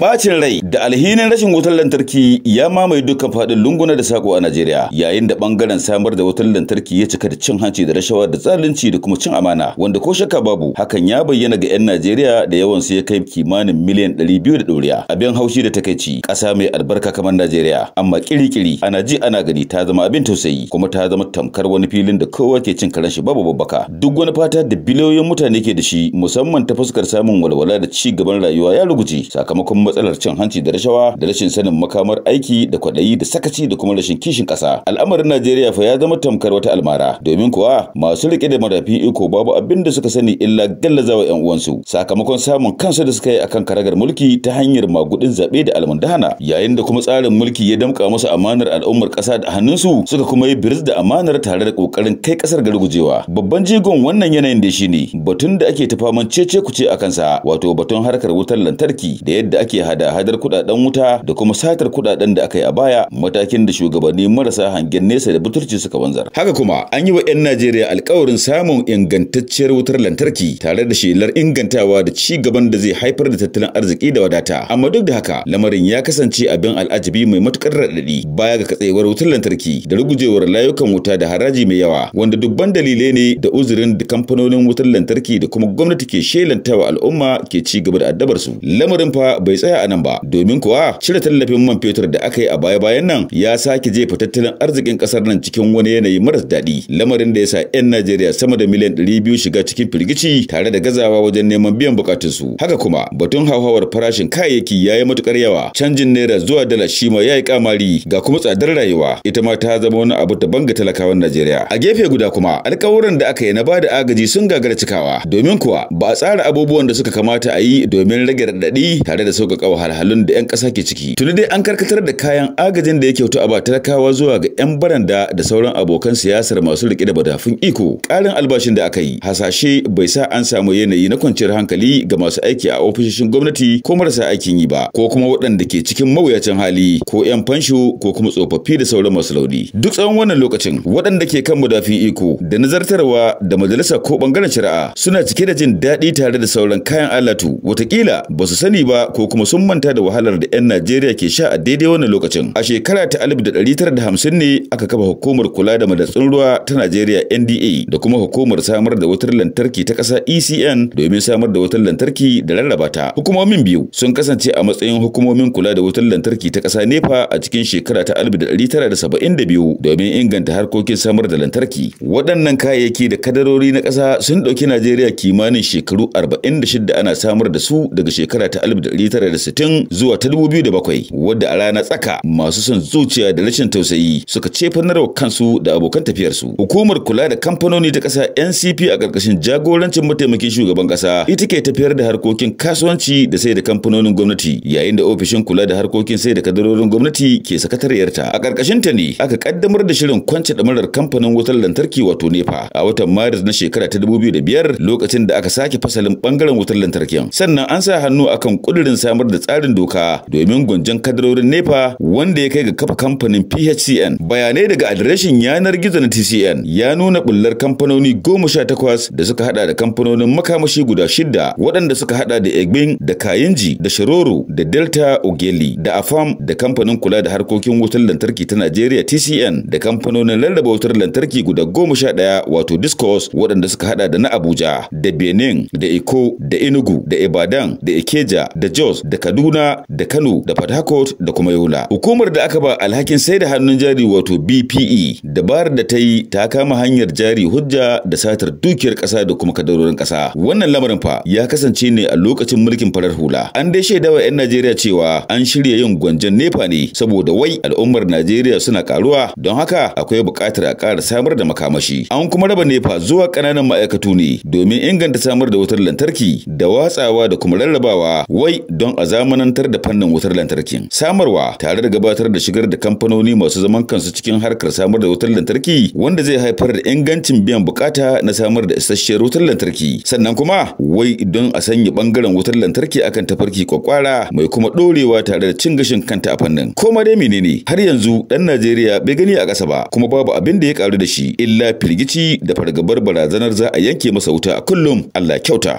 Bacin rai da alhinin rashin wutar lantarki ya mamaye dukkan fadin lunguna da sako a Najeriya yayin da bangaren samar da wutar lantarki ya cika da cin hanci da rashawa da tsalunci da kuma cin amana wanda ko shakka babu hakan ya bayyana ga 'yan Najeriya da yawan su ya kai kimanin miliyan 200 da ɗoriya abin haushi da takaici ƙasa mai albarka kamar Najeriya amma kirikiri ana ji ana gani ta zama abin tausayi kuma ta zama tamkar wani filin da kowa ke cin karashi babu babbaka duk wani fata da biliyoyin mutane ke da shi musamman ta fuskar samun walwala da ci gaban rayuwa ya ruguje sakamakon matsalar cin hanci da rashawa da rashin sanin makamar aiki da kwaɗayi da sakaci da kuma rashin kishin ƙasa al'amarin najeriya fa ya zama tamkar wata almara domin kuwa masu riƙe da marafin iko babu abin da suka sani illa gallazawa yan uwansu sakamakon samun kansu da suka yi akan karagar mulki ta hanyar magudin zaɓe da almundahana yayin da kuma tsarin mulki ya damƙa musu amanar al'ummar ƙasa da hannunsu suka kuma yi biris da amanar tare da ƙoƙarin kai ƙasar gujewa babban jigon wannan yanayin da shine batun da ake ta faman cece kuce a kansa wato batun harkar wutar lantarki da yadda ake ake hada-hadar kudaden wuta da kuma satar kudaden da aka yi a baya matakin da shugabanni marasa hangen nesa da butulci suka wanzar haka kuma an yi wa 'yan najeriya alkawarin samun ingantacciyar wutar lantarki tare da shelar ingantawa da ci gaban da zai haifar da tattalin arziki da wadata amma duk da haka lamarin ya kasance abin al'ajabi mai matukar raɗaɗi baya ga katsewar wutar lantarki da rugujewar layukan wuta da haraji mai yawa wanda dubban dalilai ne da uzurin da kamfanonin wutar lantarki da kuma gwamnati ke shelantawa al'umma ke ci gaba da addabar su lamarin fa bai tsaya a nan ba domin kuwa cire tallafin man fetur da aka yi a baya-bayan nan ya sake jefa tattalin arzikin kasar nan cikin wani yanayi maras daɗi lamarin da ya sa 'yan Najeriya sama da miliyan biyu shiga cikin firgici tare da gazawa wajen neman biyan bukatunsu haka kuma batun hauhawar farashin kayayyaki ya yi matukar yawa canjin naira zuwa dala shi ma ya yi kamari ga kuma tsadar rayuwa ita ma ta zama wani abu ta ga talakawan Najeriya a gefe guda kuma alkawuran da aka yi na bada agaji sun gagara cikawa domin kuwa ba a tsara abubuwan da suka kamata a yi domin rage raɗaɗi tare da sauka sauƙaƙa wahalhalun da 'yan ƙasa ke ciki. Tuni dai an karkatar da kayan agajin da ya kyautu a ba talakawa zuwa ga 'yan baranda da sauran abokan siyasar masu riƙe da badafin iko. Ƙarin albashin da aka yi hasashe bai sa an samu yanayi na kwanciyar hankali ga masu aiki a ofishoshin gwamnati ko marasa aikin yi ba ko kuma waɗanda ke cikin mawuyacin hali ko 'yan fansho ko kuma tsofaffi da sauran masu launi. Duk tsawon wannan lokacin waɗanda ke kan madafin iko da nazartarwa da majalisa ko bangaren shari'a suna cike da jin daɗi tare da sauran kayan alatu watakila ba su sani ba ko kuma kuma sun manta da wahalar da 'yan Najeriya ke sha a daidai wannan lokacin. A shekara ta 1950 ne aka kafa hukumar kula da madatsun ruwa ta Najeriya NDA da kuma hukumar samar da wutar lantarki ta ƙasa ECN domin samar da wutar lantarki da rarraba ta. Hukumomin biyu sun kasance a matsayin hukumomin kula da wutar lantarki ta ƙasa NEPA a cikin shekara ta 1972 domin inganta harkokin samar da lantarki. Waɗannan kayayyaki da kadarori na ƙasa sun ɗauki Najeriya kimanin shekaru 46 ana samar da su daga shekara ta 1960 zuwa ta 2007 wadda a rana tsaka masu son zuciya da rashin tausayi suka cefanarwa kansu da abokan tafiyarsu. Hukumar kula da kamfanoni ta ƙasa NCP a ƙarƙashin jagorancin mataimakin shugaban ƙasa ita ke tafiyar da harkokin kasuwanci da sai da kamfanonin gwamnati yayin da ofishin kula da harkokin sai da kadarorin gwamnati ke sakatariyarta. A ƙarƙashin ta ne aka ƙaddamar da shirin kwance ɗamarar kamfanin wutar lantarki wato NEPA a watan Maris na shekara ta 2005 lokacin da aka sake fasalin ɓangaren wutar lantarkin. Sannan an sa hannu akan ƙudurin samar samar da tsarin doka domin gwanjan kadarorin nepa wanda ya kai ga kafa kamfanin phcn bayanai daga adireshin yanar gizo na tcn ya nuna bullar kamfanoni goma sha takwas da suka hada da kamfanonin makamashi guda shida waɗanda suka hada da egbin da kayinji da shiroro da delta ogeli da afam da kamfanin kula da harkokin wutar lantarki ta najeriya tcn da kamfanonin lallaba wutar lantarki guda goma sha ɗaya wato discos waɗanda suka hada da na abuja da benin da eko da enugu da ibadan da ikeja da jos da Kaduna da Kano da Port Harcourt da kuma Yola. Hukumar da aka ba alhakin sai da hannun jari wato BPE dabar da ta yi ta kama hanyar jari hujja da satar dukiyar ƙasa da kuma kadarorin ƙasa. Wannan lamarin fa ya kasance ne a lokacin mulkin farar hula. An dai shaidawa 'yan Najeriya cewa an shirya yin gwanjan Nepa ne saboda wai al'ummar Najeriya suna karuwa don haka akwai buƙatar a ƙara samar da makamashi. An kuma raba Nepa zuwa ƙananan ma'aikatu ne domin inganta samar da wutar lantarki da watsawa da kuma rarrabawa wai don a zamanantar da fannin wutar lantarki samarwa tare da gabatar da shigar da kamfanoni masu zaman kansu cikin harkar samar da wutar lantarki wanda zai haifar da ingancin biyan bukata na samar da isasshiyar wutar lantarki sannan kuma wai don a sanya bangaren wutar lantarki akan tafarki kwakwara mai kuma dorewa tare da cin gashin kanta a fannin ma dai menene har yanzu dan Najeriya bai gani a ƙasa ba kuma babu abin da ya karu da shi illa firgici da fargabar barazanar za a yanke masa wuta a kullum Allah kyauta